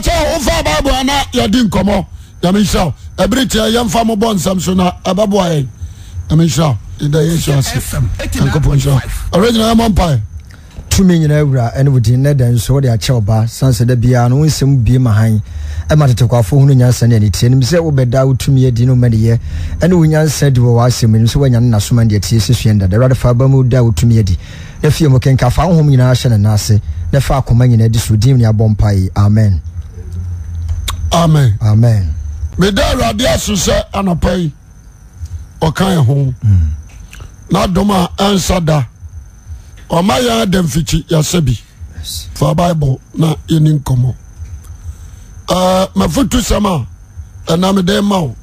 kyɛ wofa bible ana yɛdi nkɔmmɔ nyame nhyira ɛbere tiɛ yɛmfa mobɔ nsɛm so na ɛbɛboa yɛn nyame nhyira yɛda yɛsu ase nyankopɔn nhyira ɔrɛ nyina yɛmɔ mpae tumi nyinaa wura ɛne wo din nɛ da nso wode akyɛ ɔba san sɛ da biaa no wo bie ma han ɛma tetekwafo hunu nyansa ne anitiɛ nim sɛ wobɛda wo tumi adi no madeyɛ ɛne wo nyansa di wɔ w'asɛm nim sɛ woanya ne nasoma deɛ tie sɛ sua ndada awurade fa ba mu da wo tumi adi na fie mu kenka wohom nyinaa hyɛ ne naase na fa akoma nyinaa di so din ne abɔ mpae amen amen amen meda awurade aso sɛ anapa yi ɔka ɛ ho hmm. na dom a ɛnsa da ɔma yɛn ada mfikyi fa bible na yɛni nkɔmmɔ mafotu sɛm a ɛnamedɛn ma wo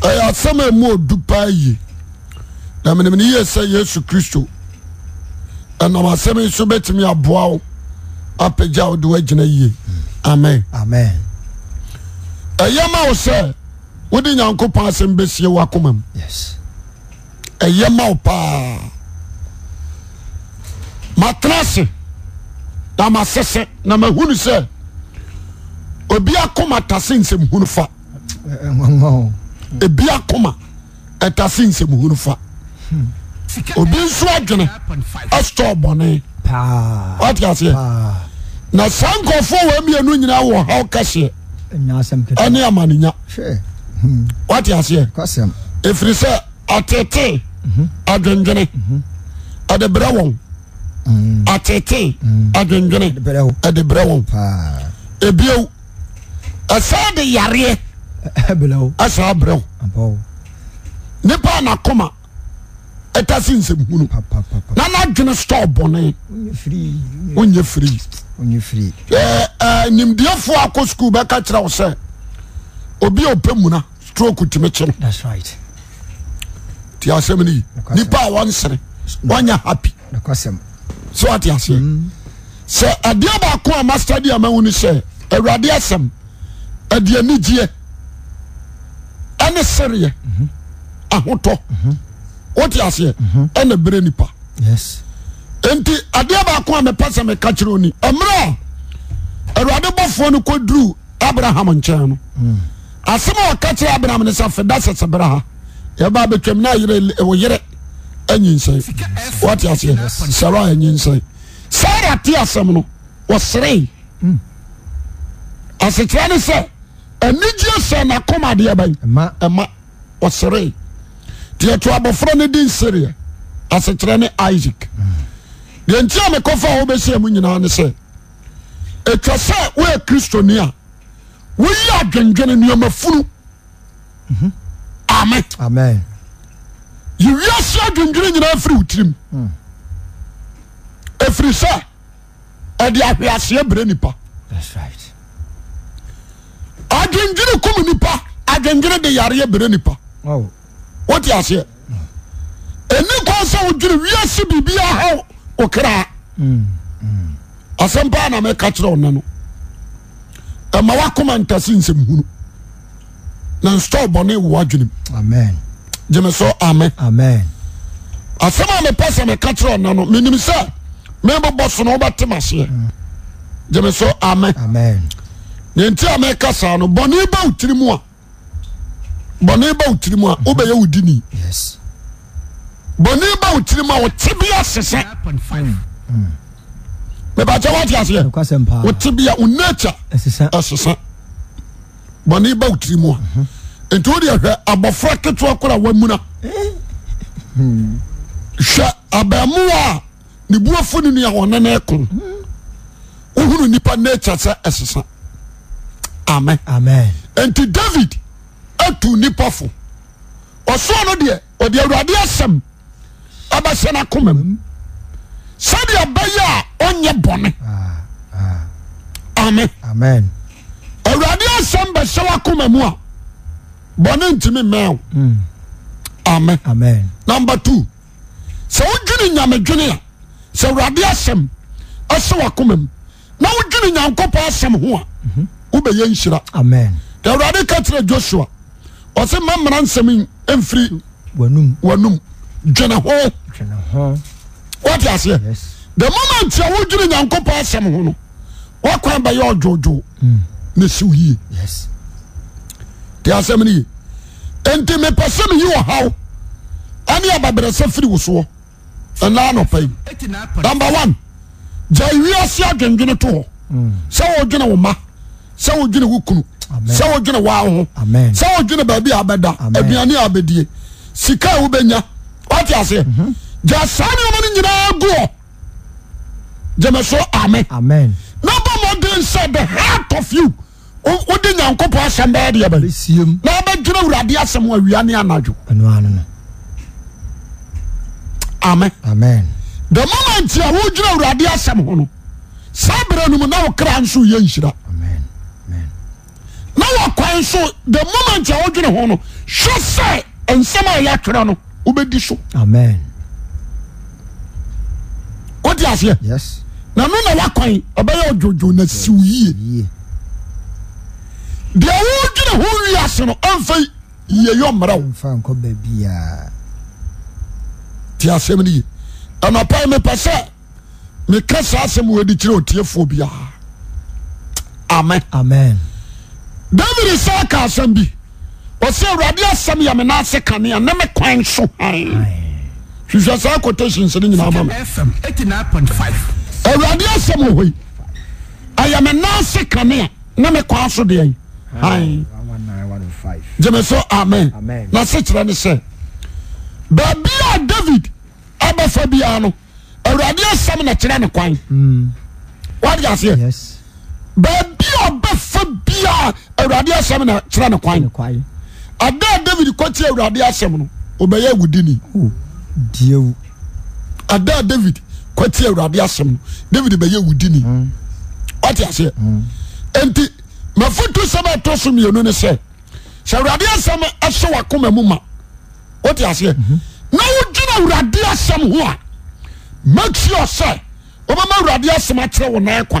ɛyɛ asɛm a mu ɔdu paa ye na menem yie sɛ yesu kristo ɛnam asɛm yi so bɛtumi aboa wo apagya wo de woagyina hmm. amen amen ɛyɛ ma wo sɛ wode nyankopɔn asɛm bɛsie wakoma mu ɛyɛ ma wo paa matena ase na masese na mahunu sɛ obi akoma tase nsɛmhunu fa ebi akoma ɛtase nsɛmhunu fa obi nso adwene ɛsɔ bɔne wate aseɛ na saa nkurɔfoɔ wɔ mmienu nyinaa wɔ haw kɛseɛ ɛne amaninya watiaseyɛ ɛfiri sɛ atiten adwondwone ɛdeberɛwo mm. atite mm. adwondwone ɛdeberɛwɔ ɛbioo ɛsɛ deyareɛ ɛsa berɛ nipa anakoma ɛtase nsɛmunna naadwene stol bɔne wonyɛ frii nnimdeɛfoɔ eh, akɔ skuul bɛka kyerɛ wo sɛ obi a opɛ muna stroke timi kye no ntiasɛm noy nipa a wansere woanya happy mm. sɛ watiaseɛ sɛ adeɛbaako ama stadium awuno sɛ awurade asɛm adeanegyee ɛne sereɛ mhm. ahotɔ mhm. wo tiaseɛ ɛna berɛnipa enti adeaba koa mɛpa sɛ me ka kyerɛ oni merɛ aduade bɔfoɔ no kɔduru abraham nkyɛn no mm. asɛm ka kyerɛ abraam sɛfdasesɛr herɛsɛ sara te asɛm no ɔseree mm. asekyera ne sɛ anie sɛ nakom adeabama seree deɛto abɔforɔ ne densereɛ ɛsekyerɛ ne isaak deɛ nti a mekɔfo a hɔbɛseamu nyinaa ne sɛ ɛtwa sɛ woyɛ kristoni a woyɛ adwendwene neamafunu mhm. amen yewia seɛ adwindwene nyinaa firi wotirim ɛfiri hmm. sɛ ɔde ahweaseɛ berɛ nipa adwenwene kom nipa adwendwene de yareɛ bere nipa wotaeɛ ɛni k sɛ wodwene wiase biribia ha wo krɛa asɛm paa na mɛka kyerɛo nɛ no ɛma woakoma ntase nsɛmhunu na nstɔ bɔne woa dwenem gyemeso ame asɛm a mɛpɛ sɛ mɛka kyerɛ na no menim sɛ mebɔbɔ so no wobɛtemaheɛ gyemeso ame nanti a mɛka saa no bɔne bɛ okirimu a bɔne ba wo tirimu a wo bɛyɛ wodin bɔne ba wo tirim a wotebea sesa bɛkwtsɛ wonte sesa bne ba wo tirima ntiwodhwɛ abfra ketewa korawamura eh? hwɛ abama a nbuofonenawneneko wohuru nipa nate sɛ sesa nt davi foɔsoɔ no deɛ ɔde awurade asɛm abɛsɛ no akoma mu sɛdeɛ bɛyɛ a ɔyɛ bɔne ame awurade asɛm bɛsɛw akoma mu a bɔne ntimi mmɛwo mm. amea namba tu sɛ wodwene nyame dwene a sɛ awurade asɛm ɛsɛw akoma mu na wodwene nyankopɔn asɛm ho a mhm. wobɛyɛ nhyira de awurade ka tira josua ɔse ma mara nsɛm ɛmfiri wanum dwenho wataseɛ the momentua wodwene nyankopɔn asɛm hono wokwan bɛyɛ ɔdwoowoo hmm. ne sɛw yienpɛ sɛ noyiwɔhaw aneɛbaberɛsɛ firi wo soɔ nni n o yae adwwene hɛɛ sɛ wodwene woho sɛ wodwene baabi aɛda auane i sika woyaaaneanyinaaɛhe fwoe yankoɔɛwea wrae asɛhoaew oentwae ɛanoa ya kwnso the momentawodwene hono hwɛ sɛ nsɛm aɛyɛ tworɛ no wobɛdi so wotiaseɛ nanona woakwan ɛbɛyɛ ɔdwodwo na siw yie deɛ wɔdwene ho wiase no amfei yeyɔ mmarɛo tiasɛm no ye ɛmapa mepɛ sɛ meka saasɛm woadi kyerɛ ɔtiɛfoɔ bia ama david sa ka asɛm bi ɔ sɛ awurade asɛm yɛ menase kane a ne mekwan so hwwɛ saa otatsno nyinab5 wurade asɛm ɔhɔi ayɛmenase kanea ne mekwan so deɛ gyemeso amen nase kyerɛ ne sɛ baabia david bɔfa biara no awurade asɛm na kyerɛ no kwan mm. awurade asɛm na kyerɛ no kwannew ada david kti awurade asɛm o ɛyɛ adavi aw ɛɛɛaɛɛ ɛmɛamwɛnwowena awurade asɛm o aɛ ɔma awrade asɛm kerɛ wona kwa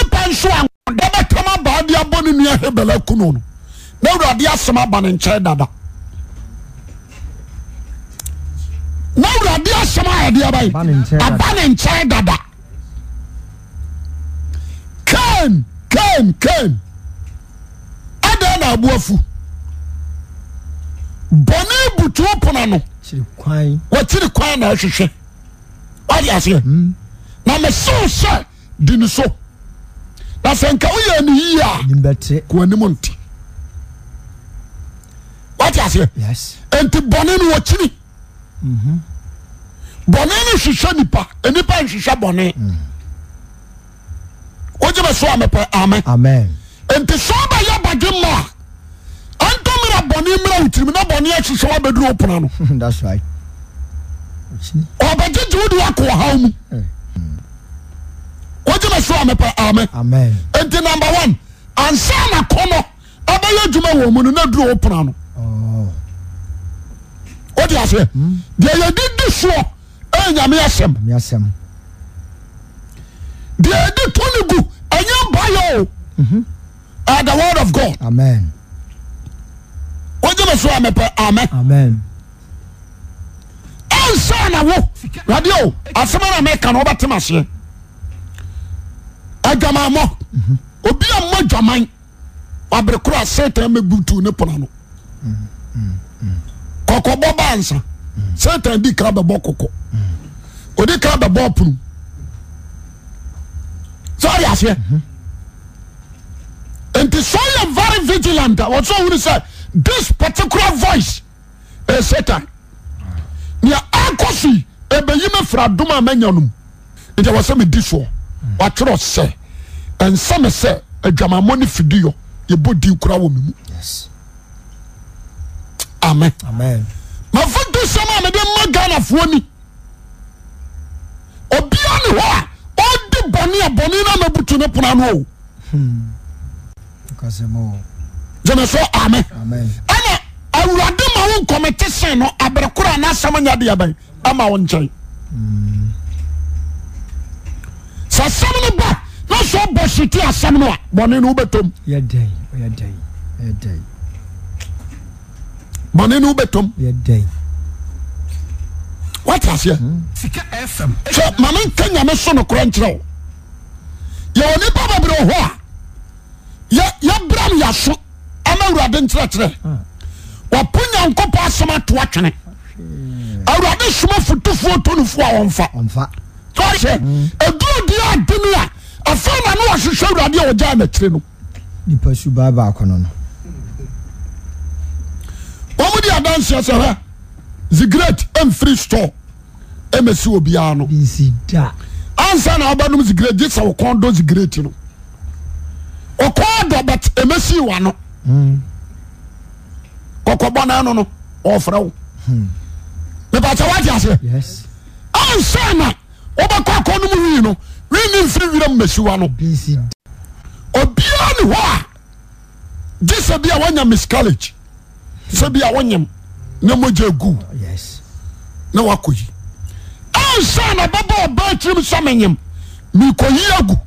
yahɛbɛlakn no na wuradeɛ asɛm abane nkyɛe dada na wuradeɛ asɛm adeɛba aba ne nkyɛe dada aa ada na aboafo bani butuo pona no watiri kwan naahwehwɛ ateaseɛ na hmm. mese sɛ din so na sɛnka woyɛneyi ani nt watase nti bɔne no wakyini mhm. bɔne no hwehwɛ nipa anipa nhweswɛ bɔne mm. wogye mɛsoa me nti sɛo bayɛ bademaa ntomira bɔne mmira wokirimu na bɔnahweswɛ wbadurwo pona no bagegye wode woakahawmu enti nambe one ansana kɔmɔ ɛbɛyɛ adwuma wo mun na duwo pa no ɛ ɛyɛdede s nyame sɛm dɛ ɛde tongu ayabayɛo mhm. a the word of god esoa pɛ a ansanawo adeo asɛ nemekan wobɛtesɛ adwamammɔ obiama dwaman wabere koraa satan me bit ne ponano kkɔbɔ ba nsa satan di krabɛbɔ kokɔ dikrabɛbɔpu sysɛ nti soye vare vigilanta wswune s dis porticulal voice satan akosi beyim fra doma menya nom ntwsɛmedi soo waterɛsɛ nsɛ me sɛ adwama mmɔ ne fidiɔ yɛbɔ din kora wɔ me mu ame mafodo sɛm a mede ma ghanafoɔ ni obia ne hɔ a ɔde bɔnea bɔne no anabotu me pona no o hmm. gemɛso ame ɛna awurade ma wonkɔmete sen no abre kora nasɛm nyadeaba amawonkyɛ sɛ bɔ sete asɛm ɛ hmm. sɛ mamenkɛ nyame so no koro nkyerɛ o yɔnipa babrɛwhɔ a yɛbramyaso ama awurade nkyerɛkyerɛ hmm. wapo nyankopɔ asɛm atowa twene hmm. awurade soma fotufun fa mfa a afa na ne wahwehwɛ awurade a ɔgyaa n'akyire no nipa su baa baako no no wɔn mu di adanseɛ sɛ hɛ zigrate mfiri store ɛmɛsi obiara no bisi da ansa na abanum zigrate gye sɛ ɔkɔn do zigrate no ɔkɔn dɔ bɛt ɛmɛsi wa no hmm. kɔkɔbɔ n'ano no ɔfrɛ wo nipa hmm. sɛ wagye aseɛ ansa na ɔbɛkɔ akɔnum wii no. wnfrimaswano obiaa ne hɔ a gye sɛ bi a woanya miscollage sɛ bia wonyam na mogya gu oh, na woakɔyi ɛnsa no ababa ɔ baa kyirim sɛ menyem mikɔyi agu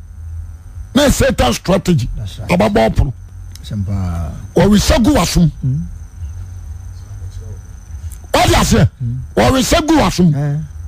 ne satan strategy ababɔpoo ɔwesa gu aso m ode hmm. asɛ hmm. ɔwesɛ gu aso m eh.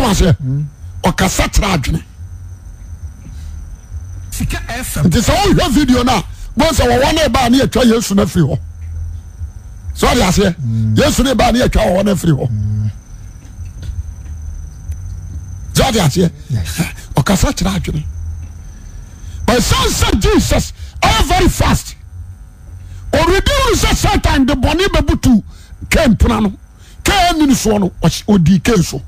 Eh? Hmm. asakerɛ adwntisɛ woɛ videono aɔwɔebanewayesnofri hɔɛɛsbnwaɔnfri hmm. hɛeɛasa hmm. eh, kyerɛ adwne but sanesɛ jesus ɛ very fast ourenu sɛ satan de bɔne bɛbutu ka mpena no kɛnini soɔ no ɔdi ke so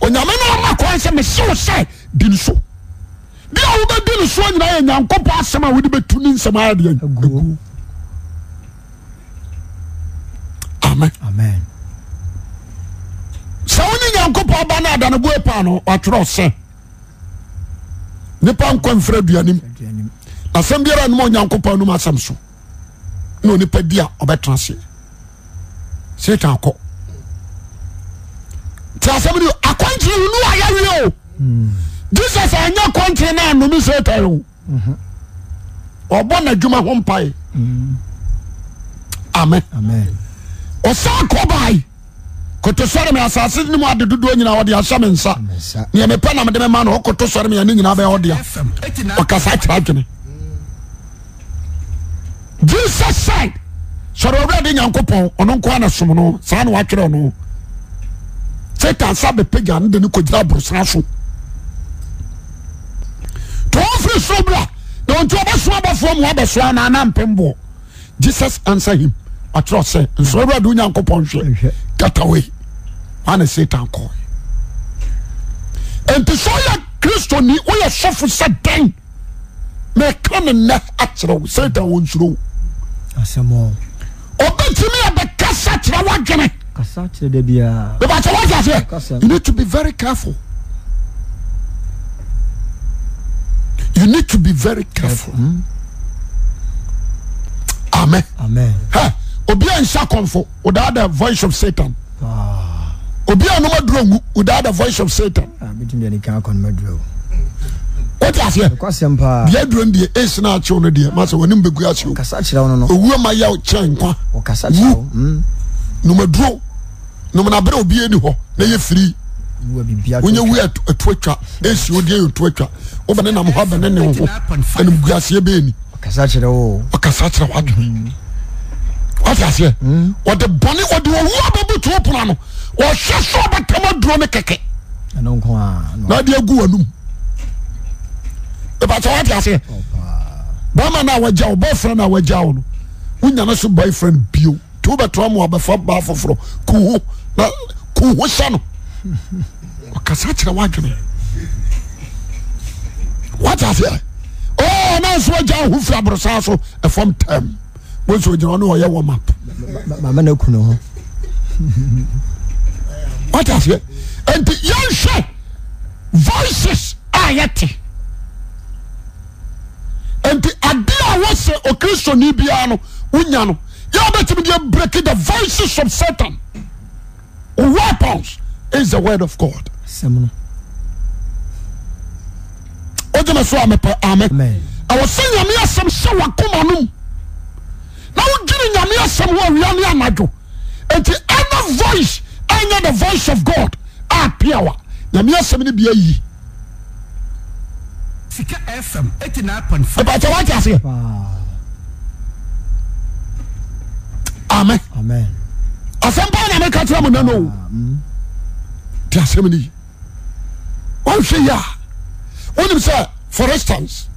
onyame noma kn sɛ mesewo sɛ dinso bia owɛino nyinayɛnyankopɔn asɛm awoeɛnnsɛm adea a sɛ wone nyankopɔn bandanboɛpaano atwrɛsɛ nepa nka mfrɛ aduanem nasɛm biara noma onyankopɔn anom asam so ne onipa dia ɔbɛtra seɛ satan kɔ tí a sẹ́mi ni akọ́ntìrì nínú ayáwé o Jesus ẹ̀yẹ kọ́ntìrì náà nù mí sèé tẹ̀lé o ọ̀bọ na adwuma ho mpa yi amen ọ̀sán kọ́ báyìí kòtò sọ́ọ̀rọ̀ mi asase ni mu adi dodoɔ nyinaa ɔdi ahyɛ mi nsa ní ɛmi pɛ nam mi ma na ɔkòtò sọ́ọ̀rọ̀ mi yẹn ni nyinaa bɛ a ɔkasa akyerɛ adwene Jesus said sọ̀rọ̀ owurọ̀ de nyankopɔn ɔno nkọ́ na sọ̀mù no saa wàá twerɛ ɔno. fɛo ɔoɛ jesus answ hikyeɛsɛ ns erde onyankopɔn hwɛ aasatanɛyɛ kristoni woyɛ sofo sɛ a no nɛ akyerɛwo satan ɔ sur kasa kyerɛ wadwene kasa kyerɛ da biara bɛbàtɛ you need to be very careful you need to be very careful amen amen hɛ obi a nsa kɔnfo o da voice of satan ah. obi a anoma duro ngu o da voice of satan. a bi tun bɛ ni kan kɔni ma duro. o ti a seɛ diɛ duro ni diɛ e sin a tiɲɛ o ni diɛ masa wa ni bɛ guya si o. kasa ma ya o tiɲɛ nkwa. o numaduro numunabere obi eni hɔ na yɛ firi wonye wi ɛtu atwa esi odi ova ne ne ho ɔkasa kyerɛ wo ɔkasa kyerɛ mm-hmm. mm-hmm. wo aseɛ ɔde ɔde ɔhyɛ so aduro ne kɛkɛ aseɛ no a wagya wo bɔfrɛ wo no so boyfriend bio woɛtoa ɛfaoo sɛ o asa kyeɛ odwne ɛnasoahofi sa so anyɛnyɛhwɛ voices ayɛte ni ade a wosɛ okristona no woo yɛwbɛtimideɛbreki the voices of satan i gwoemɛso ae ɛwɔsɛ nyameasɛm sɛ wakoma nom na wogene nyameasɛm hɔ awiano anadwo ɛnti aher voice anyɛ the voice of god apiawa nyameasɛm no bi ayi ame asɛmpa nyame ka tera mu nanoo te asɛmi noyi onhwɛ yia wonim sɛ for instance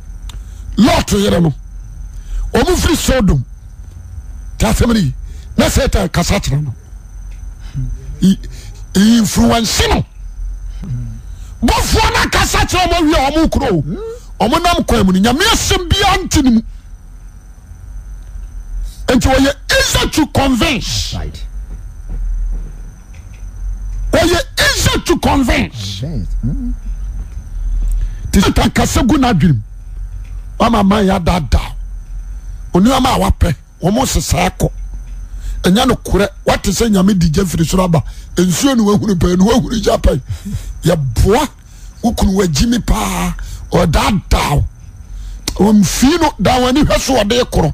latyere no ɔmufiri sodom te asɛmi noyi ne setan kasa kyera no infruense no bofuo no kasa kyera ma awi ɔmokuroo ɔmonam kwon muno nyame sɛm bia ntenimu ntiyɛ yɛ satwu convence nkasɛ gu noadwerem wmama yɛ da ada ɔnemama a wapɛ ɔmsesaa kɔ ɛnyɛ no korɛ waate sɛ nyame di gya firi so no aba nsuanuunu pɛnhunu gya pɛ yɛboa wo kunuwagyemi paa ɔda ada ɔmfii no da wani hwɛ so wɔdekorɔ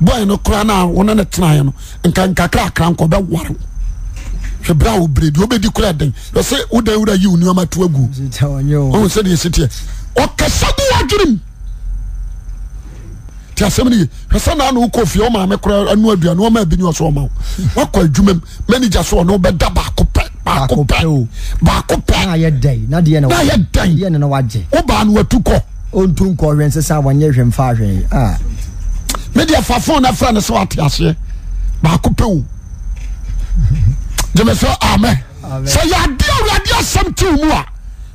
boy no kura na wɔn ne tena yɛ no nka nkakra akra nkɔ bɛ wari hwɛ bere a obere bi obedi kora den wɔsɛ wodan wura yi wo nneɛma to agu ɔhun sɛ deɛ esi teɛ ɔkasa de wadwiri mu ti asɛm ni yɛ hwɛ sɛ naa na wokɔ fie wɔn maame kora anu adua na wɔn maa bi ni ɔsɔ ɔma wo wakɔ adwuma mu manager so ɔno bɛda baako pɛ baako pɛ baako pɛ na yɛ dɛn na deɛ na yɛ dɛn wo baa no watu kɔ o ntun kɔ hwɛ nsesa wɔn nyɛ hwɛ nfa hwɛ ah. medfafoɛɛ wtaeɛ baak pɛ ɛɛadeɛ sɛm te o mu a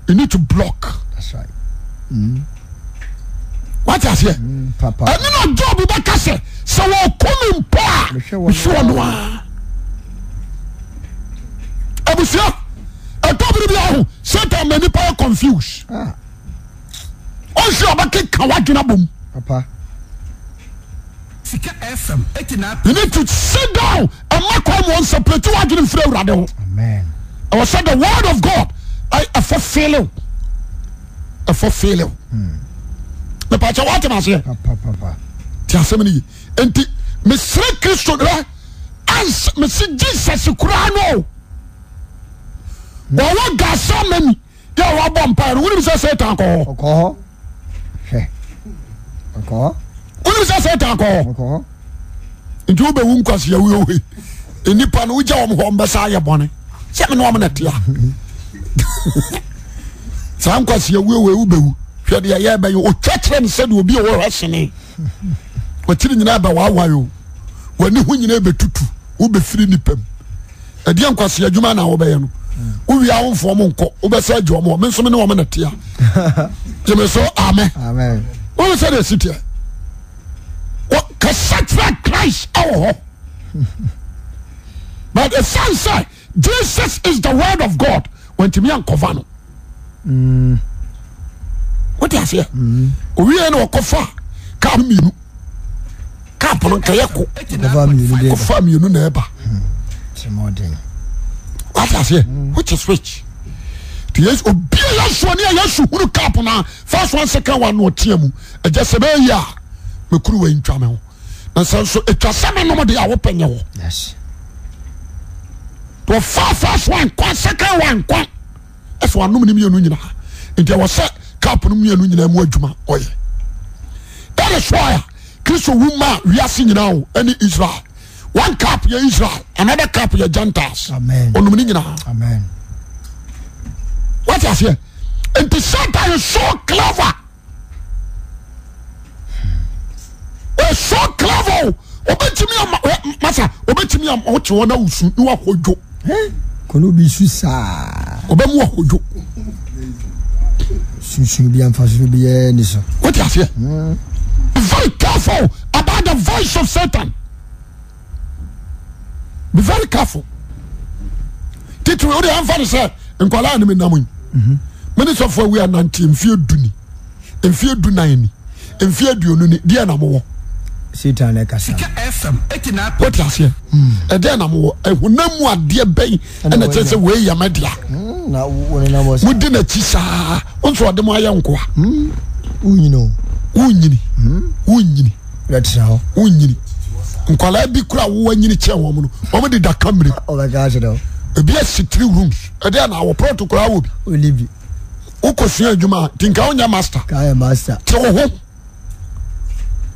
o blowɛɛnemob mm. mm, bɛka sɛ sɛ wɔko nompo amsɛɔ no a absua ɛtɔbiri bia ho satan ma nipayɛ confuse ah. ɔhe ɔbɛke ka woagena bom si don amakmseplatwaene fr wrdeo wsthe word of god f fil fil pawatnesere cristo mese jeses kura n wawa ga samen ywab mpawenemise setakoo one sɛsɛ ta k i obewu kasao i kasatra christ awɔhɔ but ɛsiane sɛ jesus is the word of god timiankɔano ɛ nkfa aaɛi icobia yɛsoɔne a yɛsu hunu kapna first one second one nmu asɛbɛimɛkrwa wasɛmnd w pywɛ capdwkrisowma wis yina nlcapy isel aner capy gentilescl were so clever obetumi ama masa obetumi ama ɔte wɔn awusu ni wa kojo. kɔnɔ bi su saa. ɔbɛ mu wa kojo. sunsun bi anfasuo bi yɛ nisɔn. o ti a fiyɛ. very careful about the voice of satan be very careful titiri o de anfa ni sɛ nkɔla ni mi namu yi minisɔfo awia nante nfiɛ dunni nfiɛ dunnan ni nfiɛ duonu ni diɛ na mo wɔ. aseɛ hmm. ɛde namowɔ huna mu adeɛ bɛn ɛnɛ ɛkyɛɛ sɛ wɔɛyɛ madeɛamode hmm, na kyi saa so ɔde mo ayɛ nkoa hmm, woyiniyiniyini nkwaraa bi kora wowayini kyɛ wɔmno mdedaca mire obi ase tre rooms ɛde nawɔprɔto kraawobi wokɔ sua adwumaa nti nka wonyɛ mastew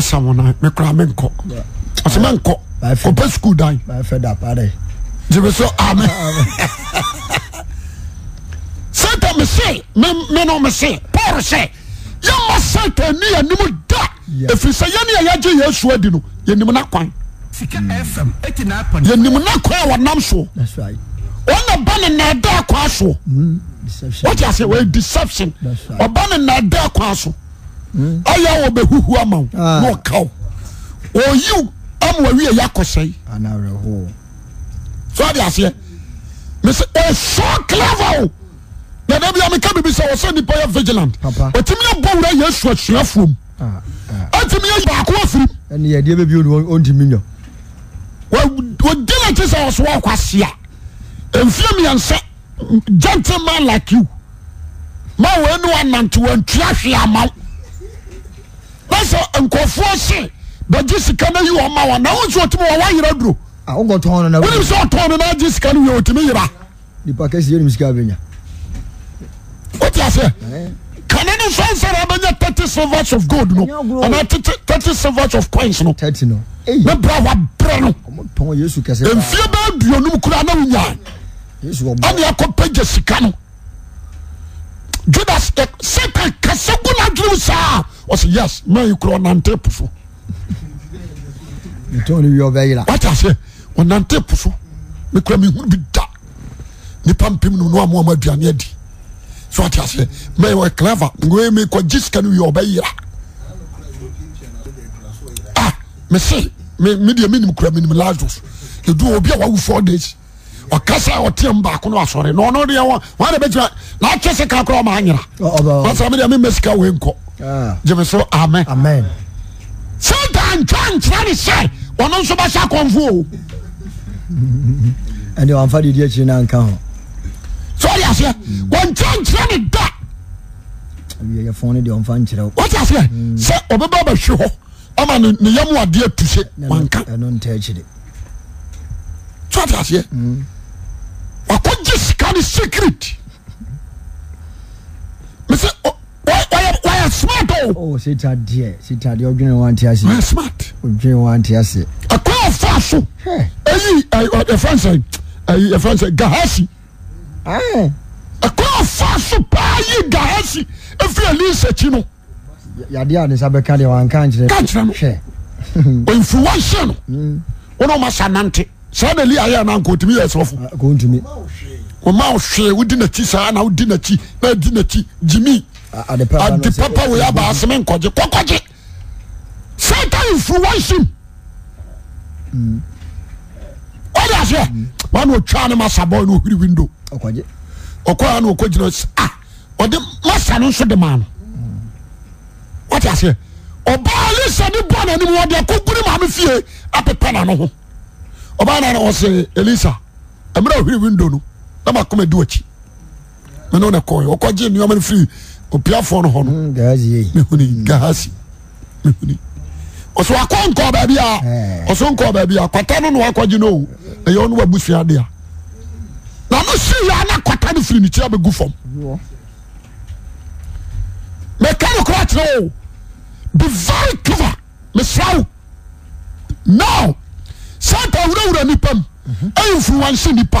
saeaesɛɔpa sculds sana mese me n mese par sɛ yɛma santan ne anim da ɛfiri sɛ yɛne ɛyagye yɛsua di no yɛni na kwan yɛnim na kwan a wɔnam soɔ ɔna bane naadaa kwa soɔ ecption n ndaa ko s Hmm? ayé àwọn bẹ huhu ama wo ah. na ɔka wo oyiw ama awie yɛ akɔsɛ yi so adi aseɛ mesi ɔsɔ clever o na dabi a meka bibi sɛ ɔsɛ nipa yɛ vigilant ɔtumi yɛ bɔ wura yɛ esu asua fom ɛtumi ah, ah. yɛ baako afirim ɛni yɛ deɛ bɛ bi o ntumi nyɔ wodi na ti sɛ ɔsɔ ɔkɔ asia mfie mmiɛnsa gentleman like you ma wo enu anante wɔn ntua hwee na sɛ nkurɔfoɔ se bɛgye sika ah, no yi ɔma wɔn na wɔn nso ɔtumi wɔn wayera duro wonim sɛ ɔtɔn no na agye sika no wie ɔtumi yera nipa kɛse yɛ nim sika abɛnya wote aseɛ kane no nso ansana abɛnya thirty silvers of gold no anaa thirty silvers of coins no ne bra wabrɛ no mfie bɛɛ aduonum koraa na wonyaa ane akɔpɛgya sika no judass kasenadr sa syes me kro nantpsowts nantpso mekura mehure bi da nipa pnadune adi tce skanoeyera mse mdmen kramn lage ebiw fo das ɔkasa ɔteam baako no asɔre na ɔno deɛ wɔn wɔn de bɛgyina na atwe sika koraa ɔmo anyira ɔsɛ mi deɛ mi mɛ sika wei nkɔ gyeme ah. so amen satan ntwa nkyerɛ ne sɛ ɔno nso bɛhyɛ akɔnfo o. ɛnni wɔn afa de di akyire na nka ho. sɔɔri aseɛ wɔn ntwa nkyerɛ ne da. ɛyɛ fɔn ne deɛ wɔn fa nkyerɛ o. wɔn ti aseɛ mm. sɛ ɔbɛba bɛhwe hɔ ama ne ne yamu adeɛ tuse wɔn nka. ɛnu ntɛ akyire. sɔɔri aseɛ. Mm. a eyɛ stfsɛɛ aasi ɛrafa so paa yi gahasi ɛfi anensaki norɛmfuri wahyɛ no wone ma sa nante saadali ayɛ nankɔtumi yɛ soofo ɔma ɔhwee wodi n'akyi saa na wodi n'akyi na adi n'akyi gyimi ade papa wei aba aseme nkɔgye kɔkɔgye satan influence him hmm. ɔde aseɛ wọn hmm. otwa ne masa bɔ ne ohiri window ɔkɔ ya na ɔkɔ gyina a ɔde masa no nso de maa no wɔte hmm. aseɛ ɔbaa alisa ne bɔ n'anim wɔde ɛkɔ guri maame fie apepa n'ano ho ɔbaa nana ɔse elisa ɛmira ohiri window no. amomedeki menn k nfri opiafn wnysde nmon kotan frinegfo aroe bvare kua mesra no sapawrwra nipam yfuruwanse nipa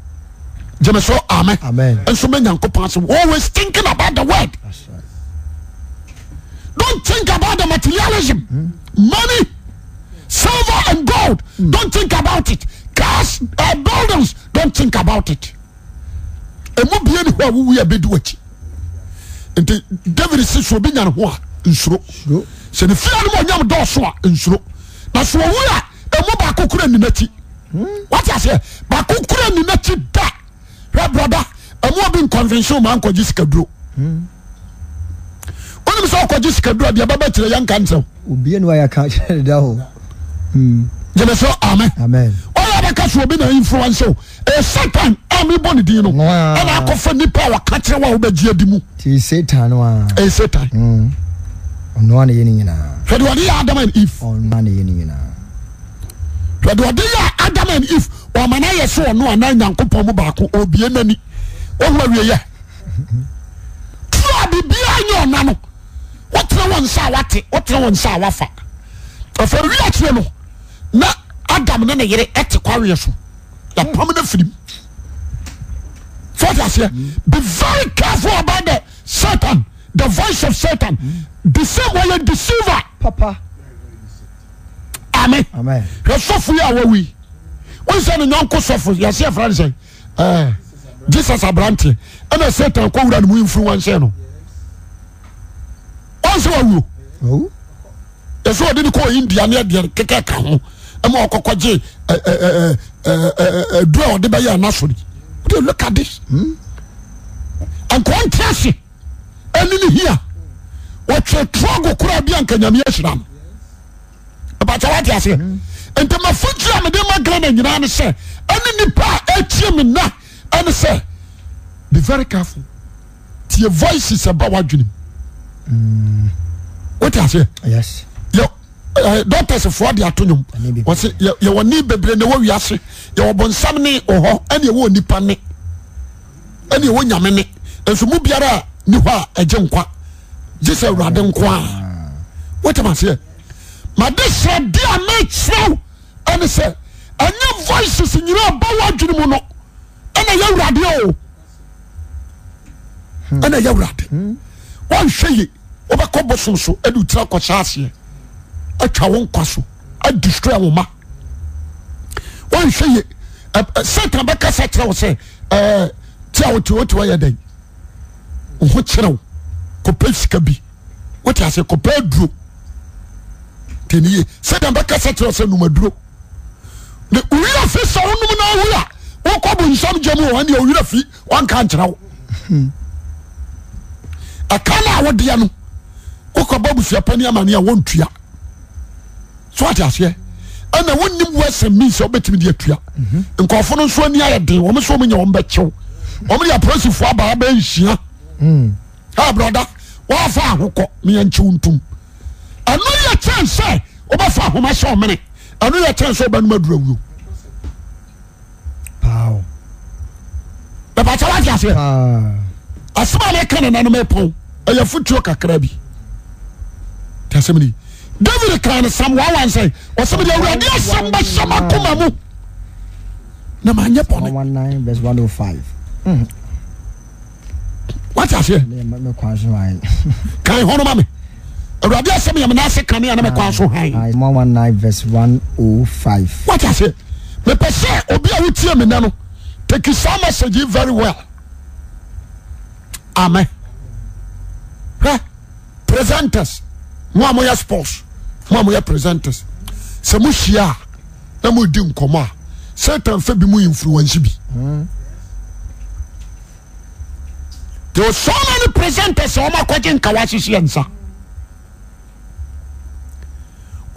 amen always thinking about the word don't think about the materialism hmm? money silver and gold hmm. don't think about it cars and uh, buildings don't think about it emu we ni hɔ a suis david si so obi nya ne Je a nsoro ne fia no ma a bah, nsoro hwɛ brada ɛmu obi nconvention maa nkɔgye sikaduro wonim hmm. sɛ ɔkɔgye sikaduro a deɛ kyerɛ yɛnka nsɛm hmm. gyeme sɛ amen ɔyɛ bɛka so obi na influence o ɛyɛ satan a mebɔ ne din no ɛna akɔfa nnipa a wɔka kyerɛ wo a wobɛgye adi mu ɛyɛ satan hmm. ɔnoa ne yɛ no nyinaa eve but ɔde yɛ adam and eve ɔma na yɛ so ɔno anan nyankopɔn mu baako obie oh, n'ani ɔhu awie yɛ tuo a biribiara nyɛ ɔna no wɔtena wɔn nsa a wate wɔtena wɔn nsa a wafa ɔfɔri wi akyire no na adam ne ne yere ɛte kwareɛ so yɛpam no firim fɔte aseɛ be very careful about the satan the voice of satan the same way a deceiver. Papa. ame hwɛ sofoiawawei eseno onko sof yse fad jesus abrnt nsatan ddde ynt tka sntmafotamede maklana nyina ne sɛ ɛne nipa a akyemena ɛnesɛ tɛ voices ɛba wdwenem wetsɛdsfo de to oyɛwɔne bebre nawwiase yɛwɔbonsamne hɔ neɛwnipa ne neɛw nyamne smu biara nhɔ a ge nkwa gesɛ wadk made serɛde a me kyerɛ wo ɛne sɛ ɛnyɛ voices yira ba wo adwene mu no ɛna yɛwurade ɛnyɛwrade wnhwɛ ye wobɛkɔ bosom so adutira ksyɛ aseɛ atwa wo nkwa so adi sra wo ma wnwɛ ysatan bɛkasa kyerɛ wo sɛ tiawototiyɛ dan ho kyerɛwo kɔpɛ sika bi wotiase ɔpɛ dur ye sɛɛka sɛ keɛ sɛ naduro e wɛ fi saono na woɔ saafiakyerɛ awoeo waaoakyi to anoya ken sɛ obɛfa homa semene anyke sɛ nd bawte s asmmkannanompo yfotuo kakrabidavid ka ss ɛma komamu amye aɛɛbi a ah, oh wotiamin no esamasɛge very wel mɛ presenters mo a moyɛ sport mo a moyɛ presenters sɛ mu hyie a na mudi nkɔmmɔ a satan fɛ bi mu yɛ mfuru wansɛ bit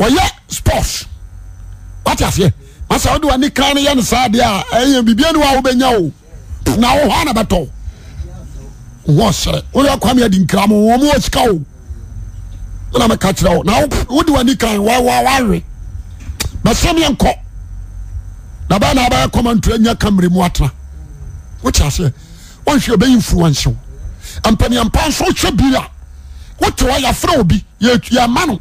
ɔyɛ sports wate aseɛ masa wode wani kra no yɛ no saa deɛ a ɛyɛ biribia ne wa eh, wobɛnya o na wo hɔ ana bɛtɔ wɔ serɛ woyɛ kwame adi nkra mo wɔ mu wɔ sika o wona mɛka kyerɛ wo na wode wani kra wawe bɛsɛm yɛ nkɔ na bɛɛ na kɔma kɔmantura nya kamere mu atena wote aseɛ wɔnhwɛ bɛyi influence wo mpaniampa nso wohwɛ bi a wote hɔ yɛfrɛ obi yɛma no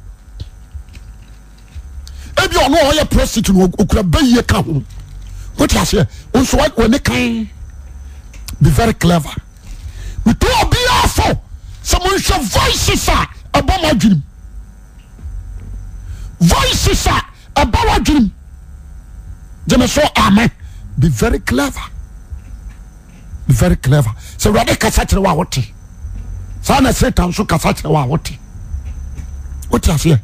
ebi ɔno a ɔyɛ prostitute no okura bɛyie ka ho wotu aseɛ nso wɔne kan be very clever ntu obi afɔ sɛ mo nhwɛ voices a ɛbɔ mo adwirim voices a ɛbɔ mo dream. gyeme so amen be very clever be very clever sɛ wurade kasa kyerɛ wo a wote saa na setan nso kasa kyerɛ wo a wote wotu aseɛ.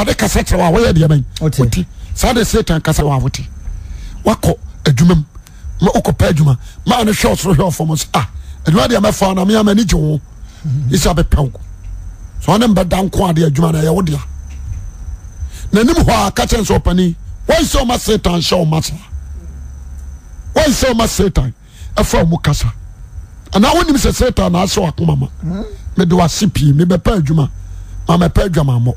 e kase sade atan kaee ao edesemee pa uma maepa d mo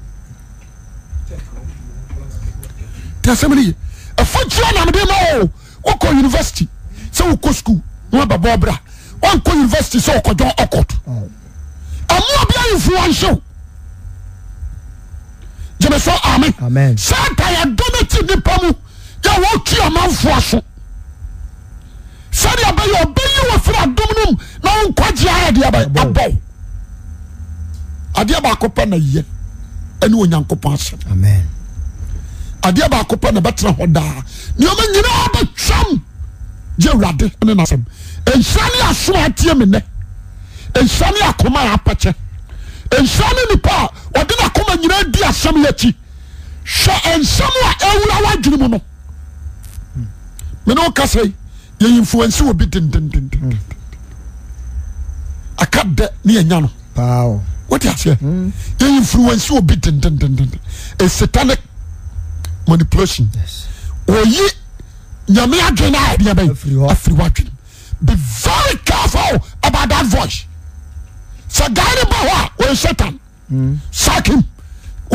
ɔ university ɛ wkɔ lnvsiɛe esoɛinmuof adeɛ bɛakɔpa nay aneonyankopɔ asyɛ deɛbɛko p na bɛterahda nenyinaa bɛagyesianeasomaatɛminɛ sianeaɛ nsano nipa a ɔdene a nyinadi asɛm yai swɛ nsɛm a ɛwra wweremu no meneasɛynsen manipulation oyi nyamea dinavriwa be very careful about that voice soguni baha e satan hmm. suckim